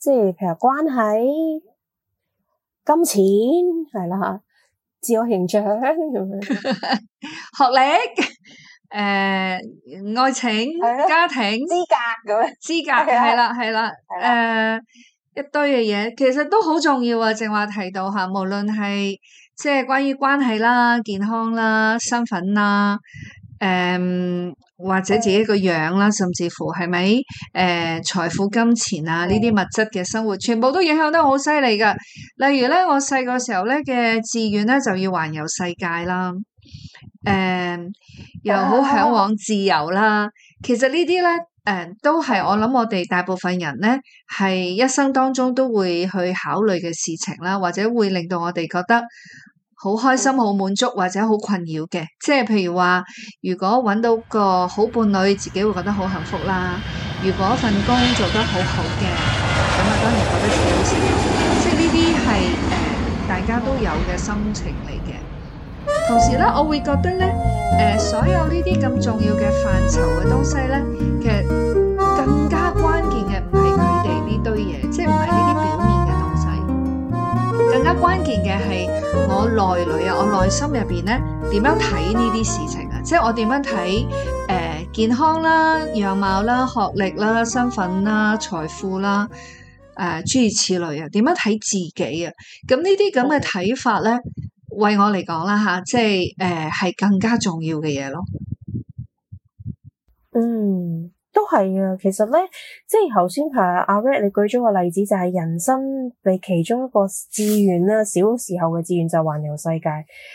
即係其實關係、金錢係啦，自我形象咁樣，學歷，誒、呃、愛情、X 2 家庭資格咁樣 X 資格係啦係啦，誒一堆嘅嘢其實都好重要啊！正話提到吓，無論係即係關於關係啦、健康啦、身份啦，誒、嗯。或者自己個樣啦，甚至乎係咪？誒、呃、財富、金錢啊，呢啲物質嘅生活，全部都影響得好犀利噶。例如咧，我細個時候咧嘅志願咧，就要環遊世界啦。誒、呃，又好嚮往自由啦。哇其實呢啲咧，誒、呃、都係我諗我哋大部分人咧，係一生當中都會去考慮嘅事情啦，或者會令到我哋覺得。好開心、好滿足或者好困擾嘅，即係譬如話，如果揾到個好伴侶，自己會覺得好幸福啦。如果份工做得好好嘅，咁啊當然覺得自己好開心。即係呢啲係誒大家都有嘅心情嚟嘅。同時咧，我會覺得咧，誒、呃、所有呢啲咁重要嘅範疇嘅東西咧，其實。關鍵嘅係我內裏啊，我內心入邊咧點樣睇呢啲事情啊？即係我點樣睇誒、呃、健康啦、樣貌啦、學歷啦、身份啦、財富啦誒、呃、諸如此類啊？點樣睇自己啊？咁呢啲咁嘅睇法咧，為我嚟講啦吓，即係誒係更加重要嘅嘢咯。嗯。Mm. 係啊其實咧即係頭先阿阿 Ray 你舉咗個例子，就係、是、人生你其中一個志願啦，小時候嘅志願就環遊世界。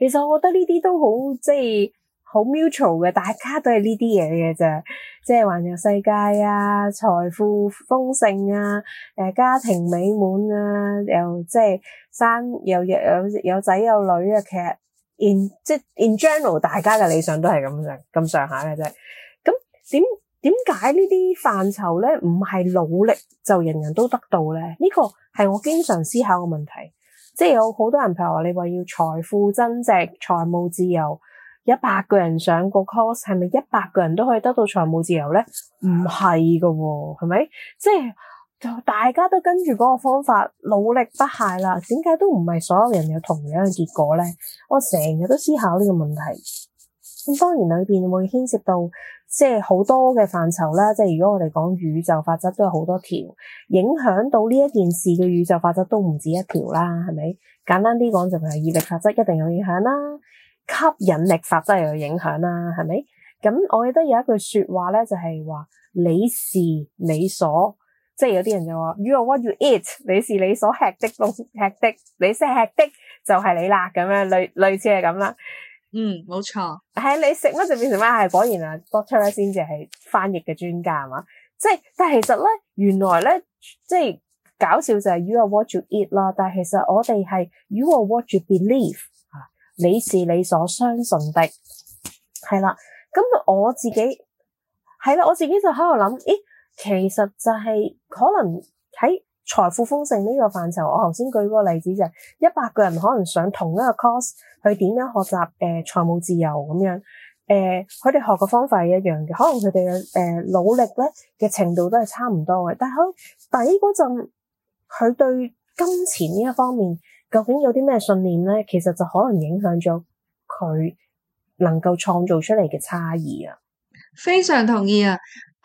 其實我覺得呢啲都好即係好 mutual 嘅，大家都係呢啲嘢嘅啫，即係環遊世界啊，財富豐盛啊，誒，家庭美滿啊，又即係生又又有有仔有，有，有女啊。其實 in 即係 in general，大家嘅理想都係咁上咁上下嘅啫。咁點？點解呢啲範疇咧唔係努力就人人都得到咧？呢個係我經常思考嘅問題。即係有好多人譬如話你話要財富增值，財務自由，一百個人上個 course，係咪一百個人都可以得到財務自由咧？唔係噶喎，係咪？即係大家都跟住嗰個方法努力不懈啦，點解都唔係所有人有同樣嘅結果咧？我成日都思考呢個問題。咁當然裏邊會牽涉到即係好多嘅範疇啦，即係如果我哋講宇宙法則都有好多條，影響到呢一件事嘅宇宙法則都唔止一條啦，係咪？簡單啲講就係、是、意力法則一定有影響啦，吸引力法則又有影響啦，係咪？咁我記得有一句説話咧，就係話你是你所，即係有啲人就話 You are what you eat，你是你所吃的多吃的，你食的就係、是、你喇咁樣，類類似係咁啦。嗯，冇錯，係你食乜就變成咩？係果然啊，doctor 咧先至係翻譯嘅專家係嘛，即係但係其實咧，原來咧即係搞笑就係 you are what you eat 啦，但係其實我哋係 you are what you believe 啊，你是你所相信的，係啦，咁我自己係啦，我自己就喺度諗，咦、欸，其實就係可能喺。財富豐盛呢個範疇，我頭先舉個例子就係一百個人可能想同一個 course 去點樣學習誒財務自由咁樣，誒佢哋學嘅方法係一樣嘅，可能佢哋嘅誒努力咧嘅程度都係差唔多嘅，但係佢底嗰陣，佢對金錢呢一方面究竟有啲咩信念咧，其實就可能影響咗佢能夠創造出嚟嘅差異啊！非常同意啊！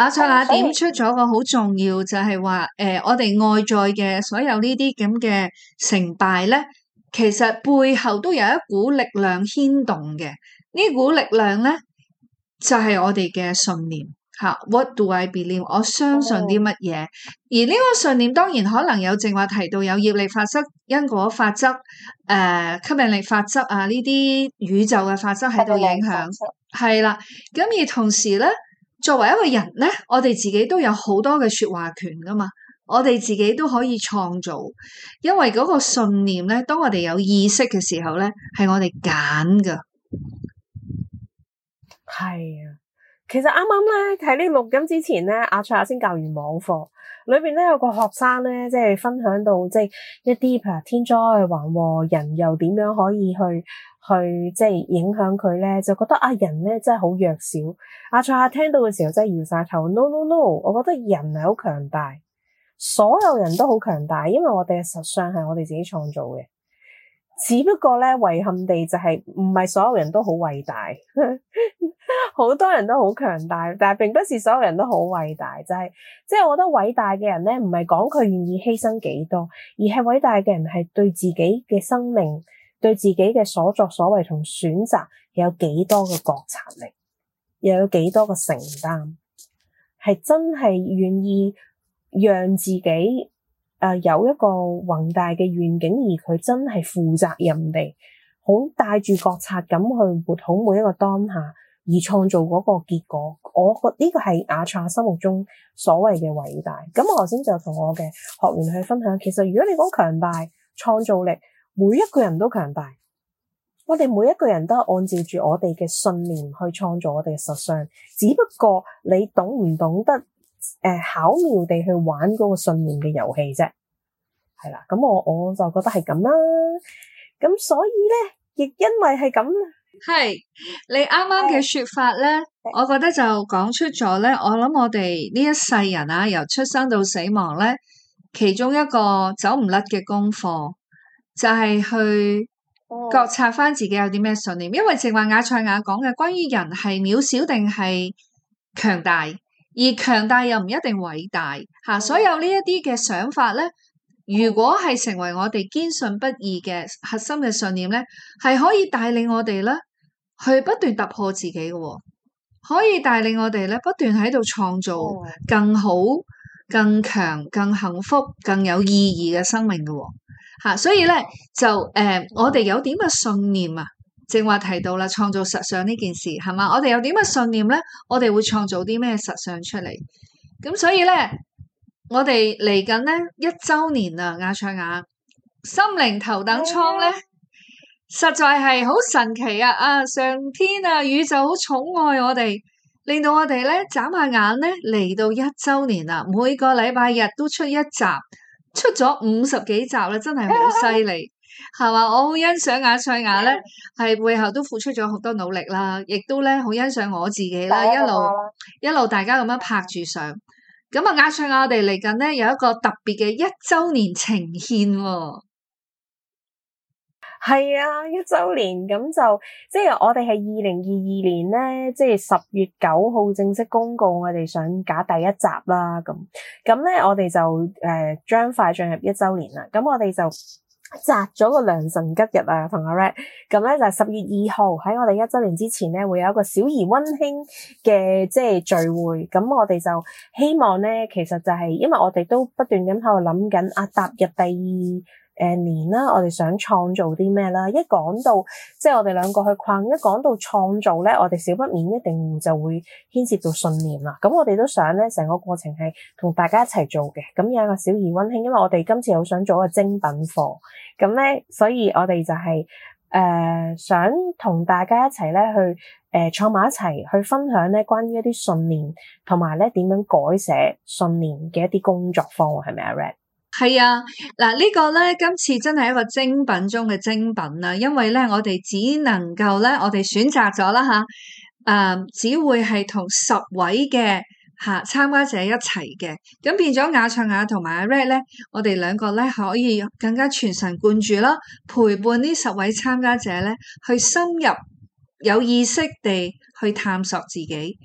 阿卓啊，點出咗個好重要就，就係話誒，我哋外在嘅所有呢啲咁嘅成敗咧，其實背後都有一股力量牽動嘅。呢股力量咧，就係、是、我哋嘅信念吓、啊。What do I believe？我相信啲乜嘢？哦、而呢個信念當然可能有，正話提到有業力法則、因果法則、誒吸引力法則啊呢啲宇宙嘅法則喺度影響。係啦，咁而同時咧。作為一個人咧，我哋自己都有好多嘅說話權噶嘛，我哋自己都可以創造，因為嗰個信念咧，當我哋有意識嘅時候咧，係我哋揀噶，係啊。其實啱啱咧睇呢錄音之前咧，阿蔡亞先教完網課，裏邊咧有個學生咧，即係分享到即係一啲譬如天災橫禍，人又點樣可以去去即係影響佢咧？就覺得啊，人咧真係好弱小。阿蔡亞聽到嘅時候真係搖晒頭，no no no！我覺得人係好強大，所有人都好強大，因為我哋嘅實相係我哋自己創造嘅。只不過咧，遺憾地就係唔係所有人都好偉大，好 多人都好強大，但係並不是所有人都好偉大。就係即係，就是，我覺得偉大嘅人咧，唔係講佢願意犧牲幾多，而係偉大嘅人係對自己嘅生命、對自己嘅所作所為同選擇有幾多嘅覺察力，又有幾多嘅承擔，係真係願意讓自己。啊、呃，有一個宏大嘅願景，而佢真係負責任地，好帶住覺察咁去活好每一個當下，而創造嗰個結果。我覺呢、這個係阿 c 心目中所謂嘅偉大。咁我頭先就同我嘅學員去分享，其實如果你講強大創造力，每一個人都強大，我哋每一個人都係按照住我哋嘅信念去創造我哋嘅實相，只不過你懂唔懂得？誒、呃，巧妙地去玩嗰個信念嘅遊戲啫，係啦，咁我我就覺得係咁啦，咁所以咧，亦因為係咁，係你啱啱嘅說法咧，呃、我覺得就講出咗咧，我諗我哋呢一世人啊，由出生到死亡咧，其中一個走唔甩嘅功課，就係去覺察翻自己有啲咩信念，哦、因為正話雅賽雅講嘅，關於人係渺小定係強大。而強大又唔一定偉大吓、啊，所有呢一啲嘅想法咧，如果係成為我哋堅信不疑嘅核心嘅信念咧，係可以帶領我哋咧去不斷突破自己嘅、哦，可以帶領我哋咧不斷喺度創造更好、更強、更幸福、更有意義嘅生命嘅、哦，吓、啊，所以咧就誒、呃，我哋有點嘅信念啊。正話提到啦，創造實相呢件事係嘛？我哋有點嘅信念咧？我哋會創造啲咩實相出嚟？咁所以咧，我哋嚟緊咧一周年啦，亞卓雅，雅心靈頭等艙咧，實在係好神奇啊！啊，上天啊，宇宙好寵愛我哋，令到我哋咧眨下眼咧嚟到一周年啦！每個禮拜日都出一集，出咗五十幾集啦，真係好犀利。啊係嘛，我好欣賞阿蔡雅咧，係 Yeah. 背後都付出咗好多努力啦，亦都咧好欣賞我自己啦，一路一路大家咁樣拍住上，咁啊，阿蔡雅，我哋嚟緊咧有一個特別嘅一周年呈獻，係啊，一周年，咁就即係我哋係二零二二年咧，即係十月九號正式公告我哋想搞第一集啦，咁咁咧我哋就誒將、呃、快進入一周年啦，咁我哋就。摘咗個良辰吉日啊，同阿 Red 咁咧就十月二號喺我哋一周年之前咧，會有一個小而温馨嘅即係聚會。咁我哋就希望咧，其實就係因為我哋都不斷咁喺度諗緊啊，踏入第二。誒年啦，我哋想創造啲咩啦？一講到即係我哋兩個去困，一講到創造咧，我哋少不免一定就會牽涉到信念啦。咁我哋都想咧，成個過程係同大家一齊做嘅。咁有一個小而温馨，因為我哋今次好想做一個精品課，咁咧，所以我哋就係、是、誒、呃、想同大家一齊咧去誒坐埋一齊去分享咧，關於一啲信念同埋咧點樣改寫信念嘅一啲工作坊，係咪阿 Red？係啊，嗱、這個、呢個咧今次真係一個精品中嘅精品啦，因為咧我哋只能夠咧我哋選擇咗啦吓，誒、啊、只會係同十位嘅吓、啊、參加者一齊嘅，咁變咗雅、卓雅同埋阿 Ray 咧，我哋兩個咧可以更加全神貫注啦，陪伴呢十位參加者咧去深入、有意識地去探索自己。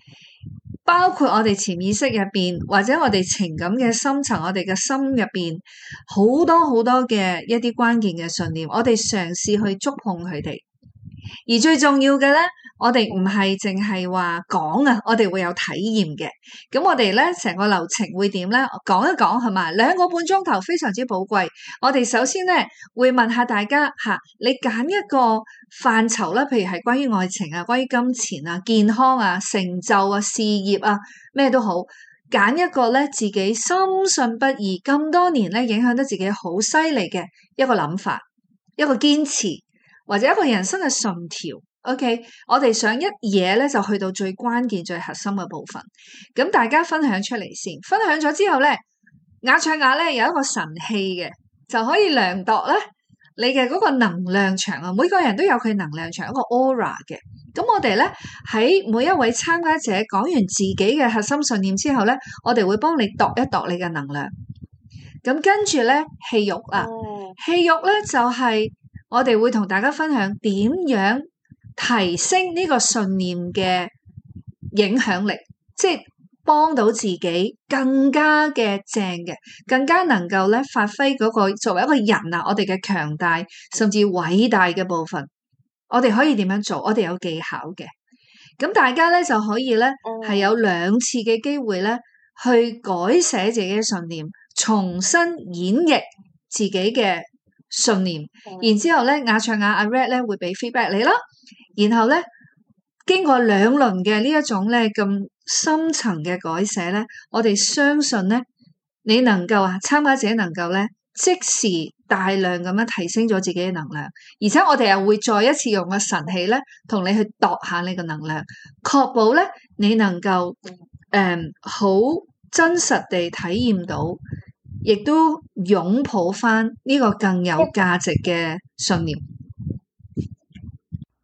包括我哋潛意識入邊，或者我哋情感嘅深層，我哋嘅心入邊好多好多嘅一啲關鍵嘅信念，我哋嘗試去觸碰佢哋，而最重要嘅咧。我哋唔係淨係話講啊，我哋會有體驗嘅。咁我哋咧成個流程會點咧？講一講係嘛？兩個半鐘頭非常之寶貴。我哋首先咧會問下大家吓，啊，你揀一個範疇啦，譬如係關於愛情啊、關於金錢啊、健康啊、成就啊、事業啊，咩都好，揀一個咧自己深信不疑咁多年咧影響得自己好犀利嘅一個諗法，一個堅持或者一個人生嘅信條。OK，我哋上一夜咧就去到最關鍵、最核心嘅部分。咁大家分享出嚟先，分享咗之後咧，雅雀雅咧有一個神器嘅，就可以量度咧你嘅嗰個能量場啊！每個人都有佢能量場，一個 aura 嘅。咁我哋咧喺每一位參加者講完自己嘅核心信念之後咧，我哋會幫你度一度你嘅能量。咁跟住咧戲肉啊，戲肉咧、哦、就係、是、我哋會同大家分享點樣。提升呢個信念嘅影響力，即係幫到自己更加嘅正嘅，更加能夠咧發揮嗰、那個作為一個人啊，我哋嘅強大甚至偉大嘅部分，我哋可以點樣做？我哋有技巧嘅，咁大家咧就可以咧係、嗯、有兩次嘅機會咧去改寫自己嘅信念，重新演繹自己嘅信念，嗯、然之後咧，亞卓雅阿 Red 咧會俾 feedback 你啦、嗯。然後咧，經過兩輪嘅呢一種咧咁深層嘅改寫咧，我哋相信咧，你能夠啊，參加者能夠咧即時大量咁樣提升咗自己嘅能量，而且我哋又會再一次用個神器咧，同你去度下你個能量，確保咧你能夠誒好、嗯、真實地體驗到，亦都擁抱翻呢個更有價值嘅信念。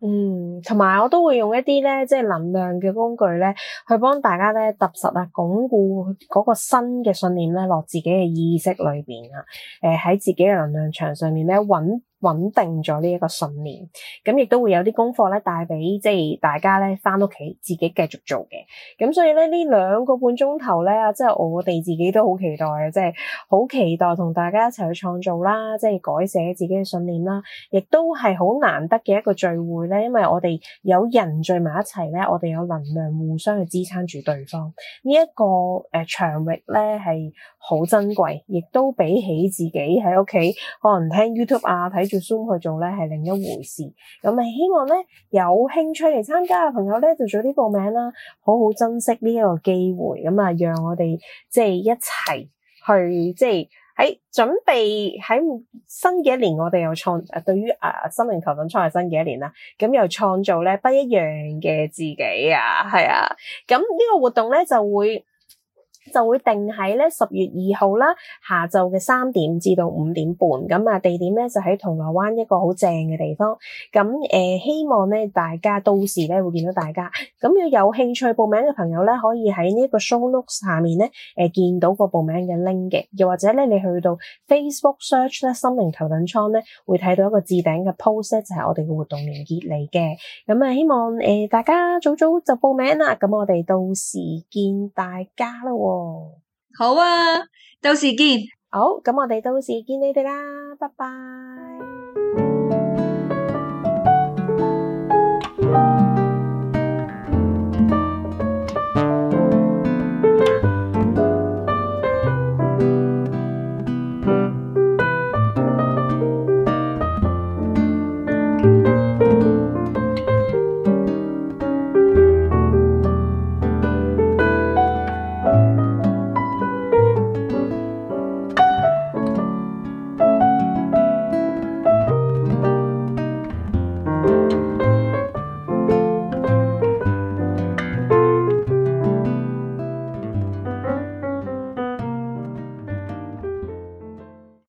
嗯，同埋我都會用一啲咧，即係能量嘅工具咧，去幫大家咧，踏實啊，鞏固嗰個新嘅信念咧，落自己嘅意識裏邊啊，誒、呃，喺自己嘅能量場上面咧，穩。穩定咗呢一個信念，咁亦都會有啲功課咧帶俾即係大家咧翻屋企自己繼續做嘅，咁所以咧呢兩個半鐘頭咧，即係我哋自己都好期待嘅，即係好期待同大家一齊去創造啦，即係改寫自己嘅信念啦，亦都係好難得嘅一個聚會咧，因為我哋有人聚埋一齊咧，我哋有能量互相去支撐住對方，呢、這、一個誒、呃、場域咧係。好珍貴，亦都比起自己喺屋企可能聽 YouTube 啊，睇住 Zoom 去做呢係另一回事。咁啊，希望呢，有興趣嚟參加嘅朋友呢，就早啲報名啦，好好珍惜呢一個機會。咁啊，讓我哋即係一齊去，即係喺準備喺新嘅一年，年，我哋又創誒，對於啊心靈頭等艙創係新嘅一年啦。咁又創造呢，不一樣嘅自己啊，係啊。咁呢個活動呢，就會就會定喺咧十月二號啦，下晝嘅三點至到五點半，咁啊地點咧就喺銅鑼灣一個好正嘅地方。咁誒、呃，希望咧大家到時咧會見到大家。咁要有興趣報名嘅朋友咧，可以喺呢一個 show notes 下面咧誒、呃、見到個報名嘅 link 嘅，又或者咧你去到 Facebook search 咧心靈頭等艙咧，會睇到一個置頂嘅 post 就係我哋嘅活動鏈接嚟嘅。咁啊、呃，希望誒、呃、大家早早就報名啦，咁我哋到時見大家囉。Oh. 好啊，到時見。好，咁我哋到時見你哋啦，拜拜。